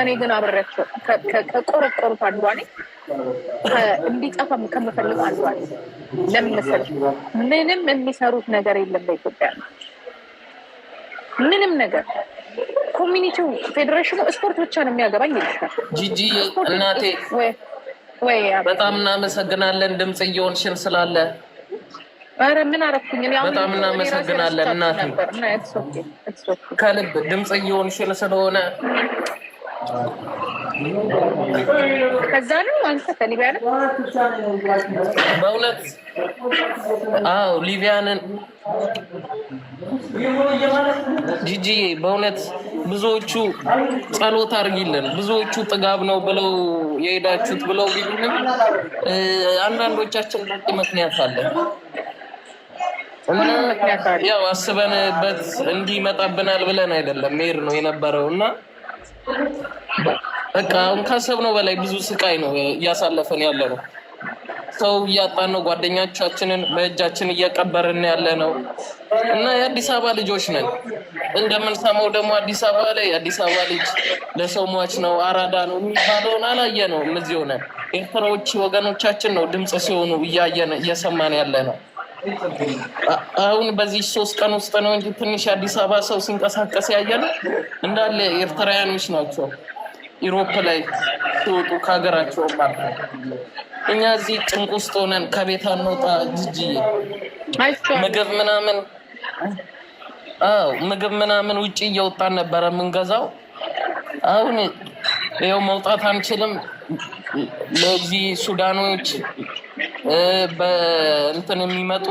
እኔ ግን አብሬያቸው ከቆረቆሩት አንዷ ነኝ። እንዲጠፋ ከምፈልገው አንዷ ነኝ። ለምን መሰለሽ? ምንም የሚሰሩት ነገር የለም በኢትዮጵያ ምንም ነገር ኮሚኒቲው፣ ፌዴሬሽኑ ስፖርት ብቻ ነው የሚያገባኝ ይልሻል። ጂጂ እናቴ በጣም እናመሰግናለን፣ ድምፅ እየሆንሽን ስላለ ኧረ ምን አደረኩኝ? በጣም እናመሰግናለን እናቴ ከልብ ድምፅ እየሆንሽን ስለሆነ ከዛ ነው ሊቢያ በእውነት አዎ፣ ሊቢያንን ጂጂዬ፣ በእውነት ብዙዎቹ ጸሎት አድርጊልን፣ ብዙዎቹ ጥጋብ ነው ብለው የሄዳችሁት ብለው ቢሉንም አንዳንዶቻችን በቂ ምክንያት አለ ያው አስበንበት እንዲህ ይመጣብናል ብለን አይደለም መሄድ ነው የነበረው እና በቃ አሁን ካሰብነው በላይ ብዙ ስቃይ ነው እያሳለፈን ያለ ነው። ሰው እያጣን ነው። ጓደኛቻችንን በእጃችን እየቀበርን ያለ ነው እና የአዲስ አበባ ልጆች ነን። እንደምንሰማው ደግሞ አዲስ አበባ ላይ አዲስ አበባ ልጅ ለሰው ሟች ነው፣ አራዳ ነው የሚባለውን አላየ ነው። እነዚህ ሆነን ኤርትራዎች ወገኖቻችን ነው ድምፅ ሲሆኑ እያየን እየሰማን ያለ ነው። አሁን በዚህ ሶስት ቀን ውስጥ ነው እንጂ ትንሽ አዲስ አበባ ሰው ሲንቀሳቀስ ያየነው እንዳለ ኤርትራውያኖች ናቸው። ኢሮፕ ላይ ሲወጡ ከሀገራቸው ማለት ነው። እኛ እዚህ ጭንቅ ውስጥ ሆነን ከቤት አንወጣ። ጅጅዬ ምግብ ምናምን አዎ ምግብ ምናምን ውጭ እየወጣን ነበረ የምንገዛው። አሁን ይኸው መውጣት አንችልም። ለዚህ ሱዳኖች በእንትን የሚመጡ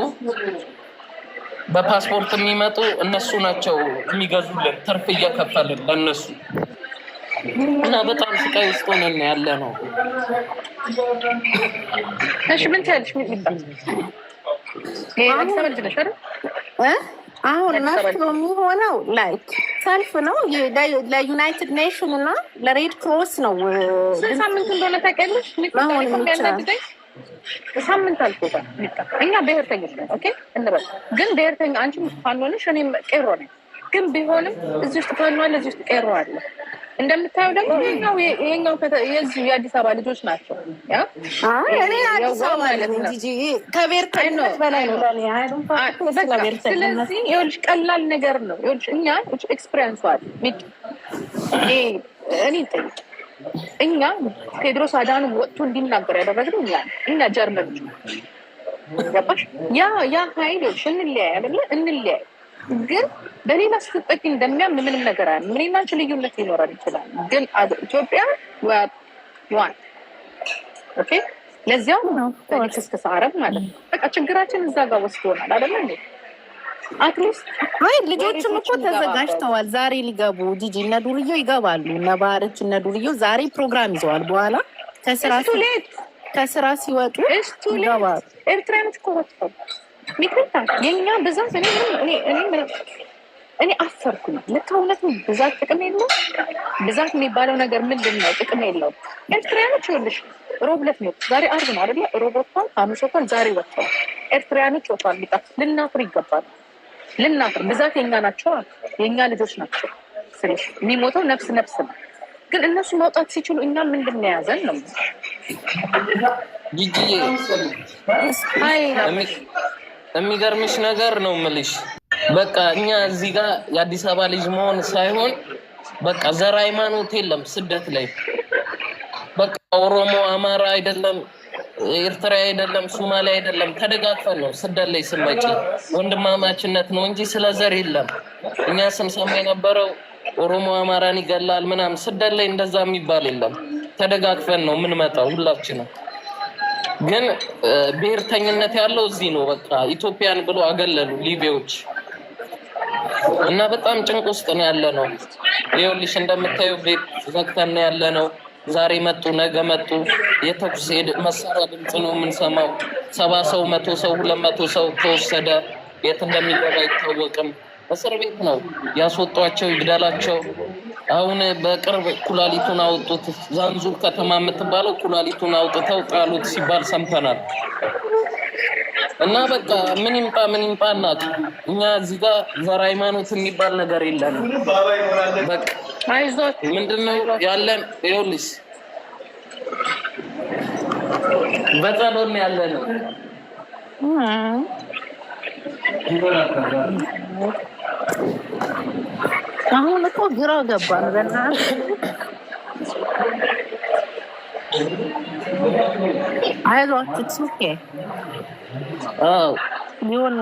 በፓስፖርት የሚመጡ እነሱ ናቸው የሚገዙልን፣ ትርፍ እየከፈልን ለእነሱ እና በጣም ስቃይ ውስጥ ሆነን ያለ ነው። እሺ ምን ትያለሽ? አሁን መፍት የሚሆነው ላይክ ሰልፍ ነው ለዩናይትድ ኔሽን እና ለሬድ ክሮስ ነው። ሳምንት እንደሆነ ታውቂያለሽ። ሳምንት አልፎታል። እኛ ብሔርተኞች ነን። ኦኬ እንበል ግን ብሔርተኛ ፋኖ ነሽ፣ እኔም ቄሮ ነኝ። ግን ቢሆንም እዚህ ውስጥ ፋኖ አለ፣ እዚህ ውስጥ ቄሮ አለ። እንደምታየው ደግሞ ይኸኛው የአዲስ አበባ ልጆች ናቸው። እኔ አዲስ አበባ ማለት ከብሔርተኝነት በላይ ነው። ስለዚህ ይኸውልሽ ቀላል ነገር ነው። ይኸውልሽ እኛ ኤክስፔሪንስ እኔ ጠይቅ እኛ ቴድሮስ አዳን ወጥቶ እንዲናገር ያደረግነው እኛ እኛ ጀርመን ገባሽ? ያ ያ ሀይሎች እንለያይ አይደለ? እንለያይ ግን በሌላ ስጠቂ እንደሚያምን ምንም ነገር አለ። ምኔና አንቺ ልዩነት ይኖራል ይችላል፣ ግን ኢትዮጵያ ዋን ኦኬ። ለዚያው ነው ክስክስ አረብ ማለት ነው። በቃ ችግራችን እዛ ጋር ወስዶናል አይደለ? አይ ወይ እኮ ተዘጋጅተዋል። ዛሬ ሊገቡ ጂጂ እነ ዱርዮ ይገባሉ። እነ ባህርች እነ ዱርዮ ዛሬ ፕሮግራም ይዘዋል። በኋላ ከስራ ሲወጡ ይገባሉ። ኤርትራኖች እኮ ምክንያት የእኛ ብዛት እኔ አፈርኩኝ። ልክ እውነትም ብዛት ጥቅም የለው። ብዛት የሚባለው ነገር ምንድን ነው? ጥቅም የለው። ኤርትራያኖች ይኸውልሽ ሮብለት ነው ዛሬ አርብ ነው አይደለ? ሮብ ወጥቷል፣ ሐሙስ ወጥቷል፣ ዛሬ ወጥቷል። ኤርትራያኖች ወጥቷል። ሊጣ ልናፍር ይገባል። ልናፍር ብዛት የኛ ናቸው፣ የእኛ ልጆች ናቸው። ስልሽ የሚሞተው ነፍስ ነፍስ ነው። ግን እነሱ ማውጣት ሲችሉ እኛ ምንድን ነው የያዘን ነው የሚገርምሽ ነገር ነው ምልሽ። በቃ እኛ እዚህ ጋር የአዲስ አበባ ልጅ መሆን ሳይሆን በቃ ዘር ሃይማኖት የለም ስደት ላይ በቃ ኦሮሞ አማራ አይደለም ኤርትራ አይደለም ሶማሊያ አይደለም፣ ተደጋግፈን ነው ስደት ላይ ስመጭ ወንድማማችነት ነው እንጂ ስለ ዘር የለም። እኛ ስንሰማ የነበረው ኦሮሞ አማራን ይገላል ምናምን፣ ስደት ላይ እንደዛ የሚባል የለም። ተደጋግፈን ነው የምንመጣው ሁላችንም። ግን ብሔርተኝነት ያለው እዚህ ነው። በቃ ኢትዮጵያን ብሎ አገለሉ ሊቢያዎች እና በጣም ጭንቅ ውስጥ ነው ያለ ነው። ይኸውልሽ እንደምታየው ቤት ዘግተን ያለ ነው። ዛሬ መጡ፣ ነገ መጡ። የተኩስ መሳሪያ ድምፅ ነው የምንሰማው። ሰባ ሰው፣ መቶ ሰው፣ ሁለት መቶ ሰው ተወሰደ። የት እንደሚገባ አይታወቅም። እስር ቤት ነው ያስወጧቸው፣ ይግደላቸው አሁን በቅርብ ኩላሊቱን አውጡት፣ ዛንዙር ከተማ የምትባለው ኩላሊቱን አውጥተው ጣሉት ሲባል ሰምተናል። እና በቃ ምን ይምጣ ምን ይምጣ እናት፣ እኛ እዚህ ጋር ዘር ሃይማኖት የሚባል ነገር የለን። ምንድነው ያለን? ይኸውልሽ በጸሎን ያለን። አሁን እኮ ግራ ገባ አይሏችሁ ሆን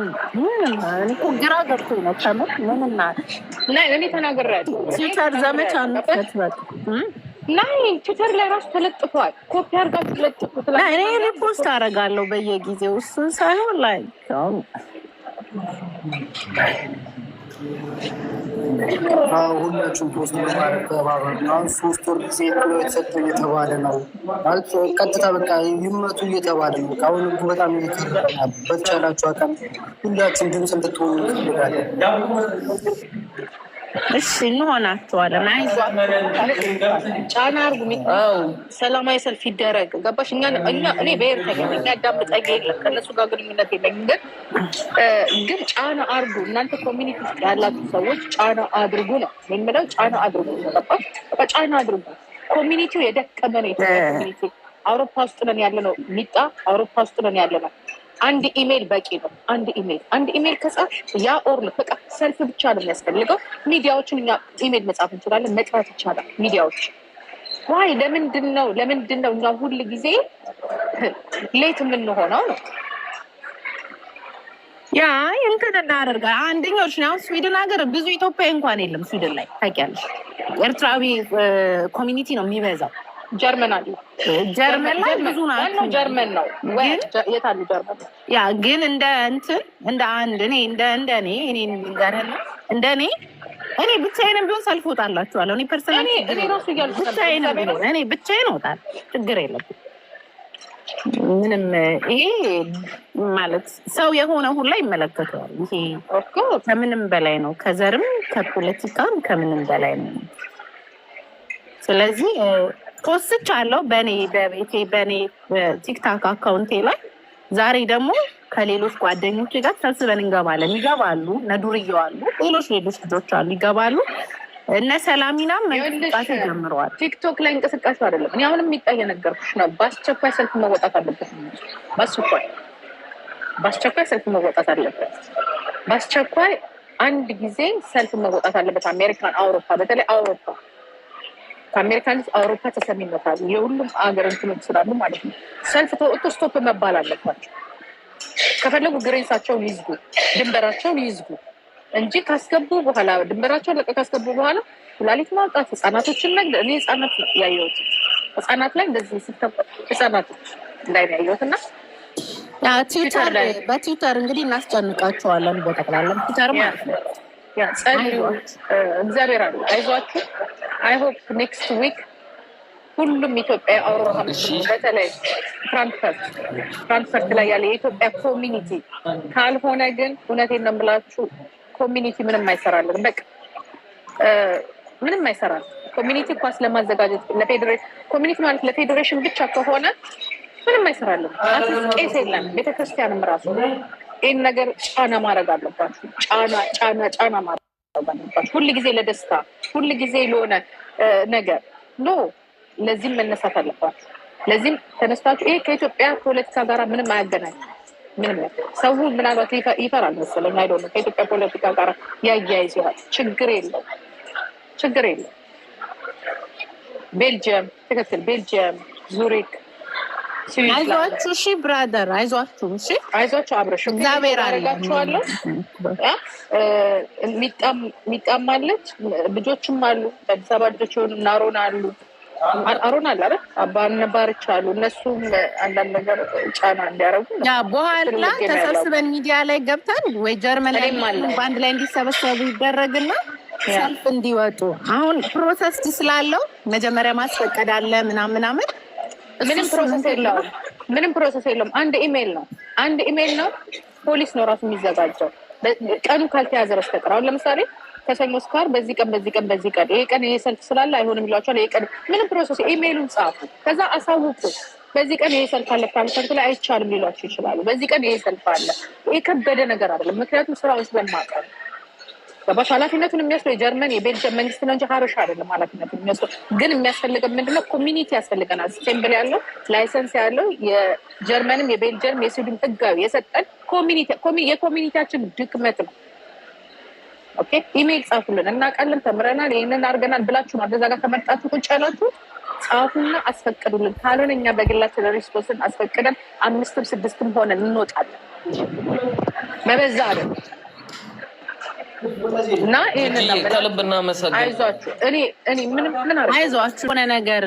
እኮ ግራ ገብቶ ነው። ከምር ምንና ናይ እኔ ተናግሬያለሁ። ትዊተር ዘመቻ ንበት ናይ ትዊተር ላይ ራሱ ተለጥፏል። ኮፒ አድርጋችሁ ለጥፉት። እኔ ሪፖስት አደርጋለሁ በየጊዜው እሱን ሳይሆን ላይ ሁላችሁም ፖስት አሁን ሶስት ወር ጊዜ ብሎ የተሰጠ እየተባለ ነው ቀጥታ በቃ ይመቱ እየተባለ ነው። አሁን ህጉ በጣም እየተረናል። በተቻላችሁ አቃም ሁላችን ድምፅ እንድትሆኑ እንፈልጋለን። እሺ እንሆናቸዋለን። ጫና አርጉ። ሰላማዊ ሰልፍ ይደረግ። ገባሽ? እኛ እኔ ብሔርተኛ እኛ ያዳምጠኝ የለም ከነሱ ጋር ግንኙነት የለኝም። ግን ግን ጫና አርጉ። እናንተ ኮሚኒቲ ውስጥ ያላችሁ ሰዎች ጫና አድርጉ ነው የምለው። ጫና አድርጉ። ገባሽ? ጫና አድርጉ። ኮሚኒቲው የደቀመ ነው። ኮሚኒቲ አውሮፓ ውስጥ ነን ያለ ነው። ሚጣ አውሮፓ ውስጥ ነን ያለ ነው። አንድ ኢሜይል በቂ ነው። አንድ ኢሜይል አንድ ኢሜይል ከጻፍ ያ ኦርል በቃ ሰልፍ ብቻ ነው የሚያስፈልገው። ሚዲያዎችን እኛ ኢሜይል መጻፍ እንችላለን፣ መጥራት ይቻላል። ሚዲያዎች ዋይ ለምንድን ነው ለምንድን ነው እኛ ሁል ጊዜ ሌት የምንሆነው ነው? ያ እንትን እናደርጋ አንደኛው አሁን ስዊድን ሀገር ብዙ ኢትዮጵያ እንኳን የለም። ስዊድን ላይ ታውቂያለሽ፣ ኤርትራዊ ኮሚኒቲ ነው የሚበዛው ጀርመን ጀርመን ላይ ብዙ ናቸው። ጀርመን ነው የት አሉ? ጀርመን ያ ግን እንደ እንትን እንደ አንድ እኔ እንደ እንደ እኔ እኔ እንደ እኔ እኔ ብቻዬንም ቢሆን ሰልፍ እኔ ፐርሰናል ቢሆን እኔ ብቻዬን ችግር ምንም ይሄ ማለት ሰው የሆነ ሁላ ይመለከተዋል። ይሄ ከምንም በላይ ነው፣ ከዘርም ከፖለቲካም ከምንም በላይ ነው። ስለዚህ ፖስች አለው በእኔ በቤቴ በእኔ ቲክታክ አካውንቴ ላይ። ዛሬ ደግሞ ከሌሎች ጓደኞች ጋር ሰብስበን እንገባለን። ይገባሉ፣ ነዱርዬው አሉ፣ ሌሎች ሌሎች ልጆች አሉ፣ ይገባሉ። እነ ሰላሚናም እንቅስቃሴ ጀምረዋል። ቲክቶክ ላይ እንቅስቃሴ አይደለም። እኔ አሁንም የሚጣይ ነገርኩሽ ነው። በአስቸኳይ ሰልፍ መወጣት አለበት። በአስቸኳይ በአስቸኳይ ሰልፍ መወጣት አለበት። በአስቸኳይ አንድ ጊዜ ሰልፍ መወጣት አለበት። አሜሪካን፣ አውሮፓ፣ በተለይ አውሮፓ ከአሜሪካ ልጅ አውሮፓ ተሰሚነታል የሁሉም ሀገር እንትኖች ስላሉ ማለት ነው። ሰልፍ ተወጡ፣ ስቶፕ መባል አለባቸው። ከፈለጉ ግሬሳቸውን ይዝጉ፣ ድንበራቸውን ይዝጉ እንጂ ካስገቡ በኋላ ድንበራቸውን ለቀ ካስገቡ በኋላ ኩላሊት ማውጣት ህጻናቶችን ነግ እኔ ህጻናት ያየሁት ህጻናት ላይ እንደዚህ ስተ ህጻናቶች ላይ ያየሁት እና ትዊተር በትዊተር እንግዲህ እናስጨንቃቸዋለን ቦታ ክላለን ትዊተር ማለት ነው። እግዚአብሔር አይዟችሁ። አይ ሆፕ ኔክስት ዊክ ሁሉም ኢትዮጵያ አውሮሃ በተለይ ፍራንክፈርት ፍራንክፈርት ላይ ያለ የኢትዮጵያ ኮሚኒቲ ካልሆነ ግን እውነቴን ነው የምላችሁ ኮሚኒቲ ምንም አይሰራልን። በቃ ምንም አይሰራል። ኮሚኒቲ ኳስ ለማዘጋጀት ኮሚኒቲ ማለት ለፌዴሬሽን ብቻ ከሆነ ምንም አይሰራልን። ቄስ የለም ቤተክርስቲያንም ራሱ ይህን ነገር ጫና ማድረግ አለባት። ጫና ጫና ጫና ማድረግ አለባት። ሁል ጊዜ ለደስታ ሁል ጊዜ ለሆነ ነገር ኖ ለዚህም መነሳት አለባት። ለዚህም ተነስታችሁ ይሄ ከኢትዮጵያ ፖለቲካ ጋር ምንም አያገናኝ ምንም ሰው ምናልባት ይፈራል መሰለኝ አይደ ከኢትዮጵያ ፖለቲካ ጋር ያያይዝ ይሆናል። ችግር የለው ችግር የለው። ቤልጅየም ትክክል። ቤልጅየም ዙሪክ አይዟችሁ። እሺ ብራደር አይዟችሁ። እሺ አይዟችሁ። አብረሽ እግዚአብሔር አረጋችኋለሁ። የሚጣማለች ልጆችም አሉ። በአዲስ አበባ ልጆች የሆኑ እና አሮን አሉ። አሮን አለ አይደል? አባን ነባርች አሉ። እነሱም አንዳንድ ነገር ጫና እንዲያደርጉ በኋላ ተሰብስበን ሚዲያ ላይ ገብተን ወይ ጀርመን ላይ በአንድ ላይ እንዲሰበሰቡ ይደረግና ሰልፍ እንዲወጡ አሁን ፕሮሰስ ስላለው መጀመሪያ ማስፈቀድ አለ ምናምን ምናምን ምንም ፕሮሰስ የለውም። ምንም ፕሮሰስ የለውም። አንድ ኢሜይል ነው። አንድ ኢሜይል ነው። ፖሊስ ነው ራሱ የሚዘጋጀው ቀኑ ካልተያዘ በስተቀር። አሁን ለምሳሌ ከሰኞ እስከ ዓርብ በዚህ ቀን በዚህ ቀን በዚህ ቀን ይሄ ቀን ይሄ ሰልፍ ስላለ አይሆንም ይሏቸዋል። ይሄ ቀን ምንም ፕሮሰስ ኢሜይሉን ጻፉ፣ ከዛ አሳውቁ። በዚህ ቀን ይሄ ሰልፍ አለ ፕራንሰንት ላይ አይቻልም ሊሏቸው ይችላሉ። በዚህ ቀን ይሄ ሰልፍ አለ። የከበደ ነገር አይደለም፣ ምክንያቱም ስራ ውስጥ በማቀ ገባሽ? ኃላፊነቱን የሚወስደው የጀርመን የቤልጅየም መንግስት ነው እንጂ ሀበሻ አይደለም። ኃላፊነቱን የሚወስደው ግን የሚያስፈልገን ምንድነው? ኮሚኒቲ ያስፈልገናል። ስቴምብል ያለው ላይሰንስ ያለው የጀርመንም የቤልጅየም የስዊድን ህጋዊ የሰጠን የኮሚኒቲያችን ድክመት ነው። ኦኬ ኢሜይል ጻፉልን፣ እናውቃለን፣ ተምረናል፣ ይህንን አድርገናል ብላችሁ ነው አደዛ ጋር ከመጣችሁ ቁጭ ያላችሁ። ጻፉና አስፈቅዱልን። ካልሆነ እኛ በግላችን ሪስፖንስን አስፈቅደን አምስትም ስድስትም ሆነን እንወጣለን። መበዛ አይደለም እና ይህንን ከልብ እኔ ምንም አይዟችሁ ሆነ ነገር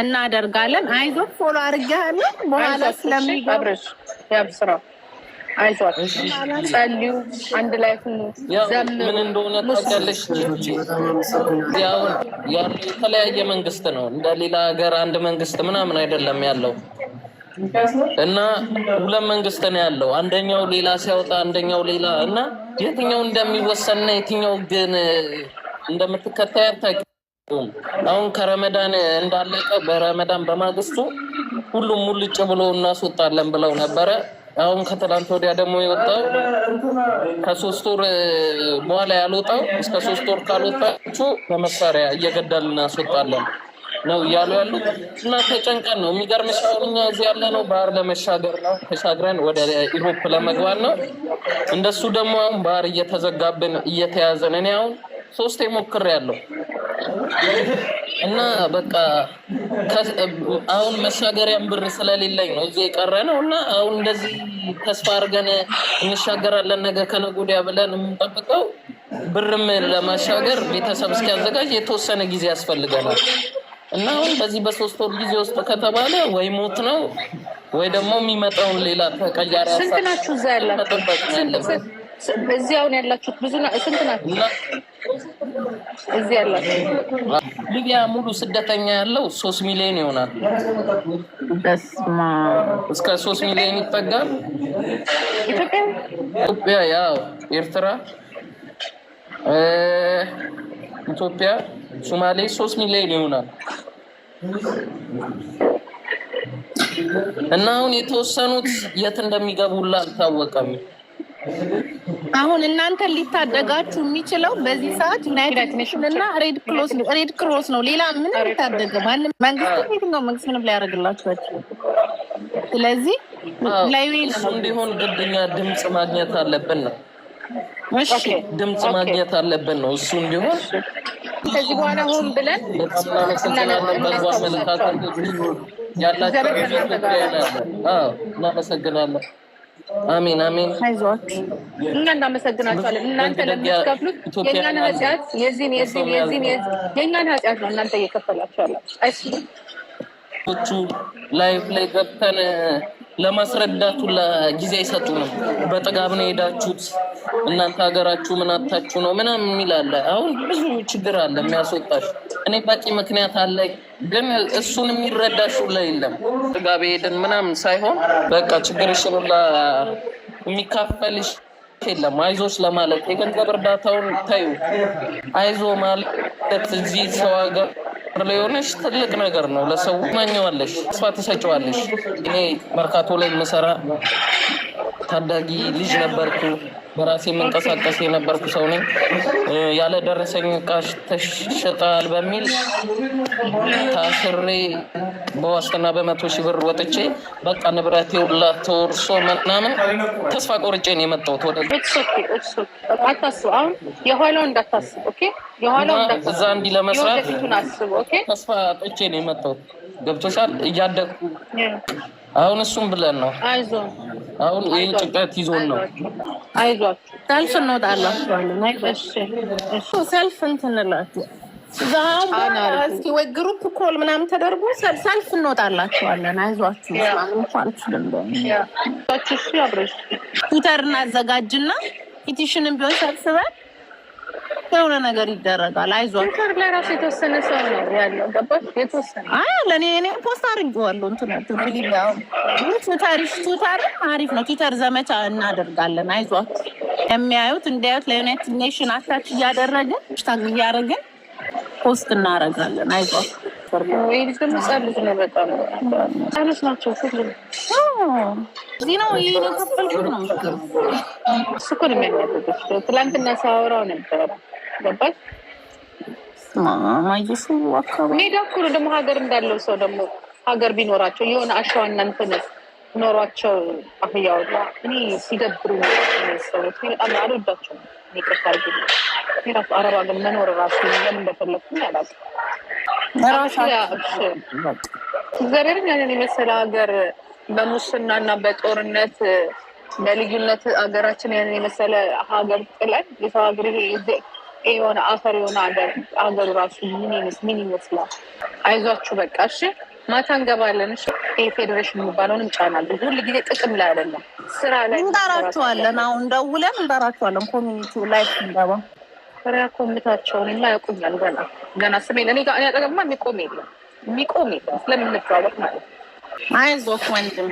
እናደርጋለን። አይዞት ፎሎ አድርጌሃለሁ። በኋላ ስለሚገብረሽ ያብስራ አንድ ላይ ሁኑ። ምን እንደሆነ የተለያየ መንግስት ነው። እንደ ሌላ ሀገር አንድ መንግስት ምናምን አይደለም ያለው እና ሁለት መንግስት ነው ያለው። አንደኛው ሌላ ሲያወጣ፣ አንደኛው ሌላ እና የትኛው እንደሚወሰንና የትኛው ግን እንደምትከታይ አታውቂውም። አሁን ከረመዳን እንዳለቀ በረመዳን በማግስቱ ሁሉም ሙልጭ ብሎ እናስወጣለን ብለው ነበረ። አሁን ከትላንት ወዲያ ደግሞ የወጣው ከሶስት ወር በኋላ ያልወጣው እስከ ሶስት ወር ካልወጣችሁ በመሳሪያ እየገዳል እናስወጣለን። ነው እያሉ ያሉት እና ተጨንቀን ነው። የሚገርም እኛ እዚህ ያለ ነው ባህር ለመሻገር ነው፣ ተሻግረን ወደ ኢሮፕ ለመግባት ነው። እንደሱ ደግሞ አሁን ባህር እየተዘጋብን እየተያዘን፣ እኔ አሁን ሶስቴ ያለው እና በቃ አሁን መሻገሪያን ብር ስለሌለኝ ነው እዚህ የቀረ ነው እና አሁን እንደዚህ ተስፋ አድርገን እንሻገራለን ነገ ከነገ ወዲያ ብለን የምንጠብቀው ብርም ለማሻገር ቤተሰብ እስኪያዘጋጅ የተወሰነ ጊዜ ያስፈልገናል። እና አሁን በዚህ በሶስት ወር ጊዜ ውስጥ ከተባለ ወይ ሞት ነው ወይ ደግሞ የሚመጣውን ሌላ ተቀያሪ ስንት ናችሁ? እዛ ያላችሁ እዚህ አሁን ያላችሁት ብዙ ስንት ናችሁ? እዚህ ያላችሁ ሊቢያ ሙሉ ስደተኛ ያለው ሶስት ሚሊዮን ይሆናል። እስከ ሶስት ሚሊዮን ይጠጋል። ኢትዮጵያ፣ ያው ኤርትራ ኢትዮጵያ ሶማሌ ሶስት ሚሊዮን ይሆናል። እና አሁን የተወሰኑት የት እንደሚገቡላ አልታወቀም። አሁን እናንተ ሊታደጋችሁ የሚችለው በዚህ ሰዓት ዩናይትድ ኔሽን እና ሬድ ክሮስ ነው። ሌላ ምን ሊታደገ ማንም መንግስት የትኛው መንግስት ምንም ሊያደርግላችሁ። ስለዚህ ላዩ እንዲሆን ግድኛ ድምፅ ማግኘት አለብን ነው እሺ ድምፅ ማግኘት አለብን ነው እሱ እንዲሆን ከዚህ በኋላ ሆን ብለን እናመሰግናለን። አሚን። አሜን። እኛ እናመሰግናቸዋለን። እናንተ ለምትከፍሉት የእኛን ኃጢአት የዚህን የዚህን የዚህን የእኛን ኃጢአት ነው እናንተ እየከፈላቸዋላችሁ። ቹ ላይፍ ላይ ገብተን ለማስረዳቱ ጊዜ አይሰጡንም። በጥጋብ ነው የሄዳችሁት እናንተ ሀገራችሁ ምን አታችሁ ነው ምናምን የሚል አለ። አሁን ብዙ ችግር አለ የሚያስወጣሽ። እኔ በቂ ምክንያት አለ፣ ግን እሱን የሚረዳሽ ሁላ የለም። ጋ ብሄድን ምናምን ሳይሆን በቃ ችግርሽን ሁላ የሚካፈልሽ የለም። አይዞች ለማለት የገንዘብ እርዳታውን ታዩ አይዞ ማለት እዚህ ሰው ሀገር ሆነሽ ትልቅ ነገር ነው። ለሰው ማኘዋለሽ፣ ተስፋ ትሰጪዋለሽ። እኔ መርካቶ ላይ የምሰራ ታዳጊ ልጅ ነበርኩ። በራሴ የምንቀሳቀስ የነበርኩ ሰው ነኝ። ያለ ደረሰኝ ዕቃ ተሸጣል በሚል ታስሬ በዋስትና በመቶ ሺህ ብር ወጥቼ በቃ ንብረት የውላ ተወርሶ ምናምን ተስፋ ቆርጬ ነው የመጣሁት። ወደ የኋላው እንዳታስብ እዛ እንዲህ ለመስራት ተስፋ ጥቼ ነው የመጣሁት። ገብቶሻል? እያደግኩ አሁን እሱም ብለን ነው። አሁን ይህን ጭንቀት ይዞን ነው። ሰልፍ እንወጣለን። ሰልፍ እስኪ ወይ ግሩፕ ኮል ምናምን ተደርጎ ሰልፍ እንወጣላቸዋለን። አይዟችሁ ትዊተር እናዘጋጅና ፒቲሽንም ቢሆን ሰብስበን የሆነ ነገር ይደረጋል። አይዞህ ላይ ራሱ የተወሰነ ሰው ነው ያለው። ገባሽ? የተወሰነ አይ ለእኔ እኔ ፖስት አድርጌዋለሁ። እንትን ትዊተር አሪፍ ነው። ትዊተር ዘመቻ እናደርጋለን። አይዟት የሚያዩት እንዲያዩት ለዩናይትድ ኔሽን አታች እያደረግን ሽታግ እያደረግን ፖስት እናደርጋለን። አይዟት ይህ ደግሞ ጸልት ነው። በጣም ነው። ይህ ነው ነው ትላንትና ሳወራው ነበረ ገባሽ? ማየሱ አካባቢ ሜዳ እኮ ነው ደግሞ ሀገር እንዳለው ሰው ደግሞ ሀገር ቢኖራቸው የሆነ አሸዋ እና ኖሯቸው አህያውላ እኔ ሲደብሩ ሰዎች በጣም አልወዳቸውም። ቅርታ ርግ ራሱ መኖር ራሱ ለምን እንደፈለግኩኝ አላውቅም። እግዚአብሔርን የመሰለ ሀገር በሙስና እና በጦርነት በልዩነት ሀገራችን ያንን የመሰለ ሀገር ጥለን የሰው ሀገር ይሄ የሆነ አፈር የሆነ አገሩ ራሱ ምን ይመስ ምን ይመስላል? አይዟችሁ በቃ እሺ፣ ማታ እንገባለን። እሺ ፌዴሬሽን የሚባለውን እንጫናለን። ሁል ጊዜ ጥቅም ላይ አይደለም፣ ስራ ላይ እንጠራችኋለን። አሁን ደውለን እንጠራችኋለን። ኮሚኒቲው ላይ ስንገባ ፍሪያ ኮሚታቸውን የማያውቁኛል ገና ገና ስሜ ለእኔ ጋር አጠገማ የሚቆም የለም የሚቆም የለም ስለምንተዋወቅ ማለት አይዞት ወንድም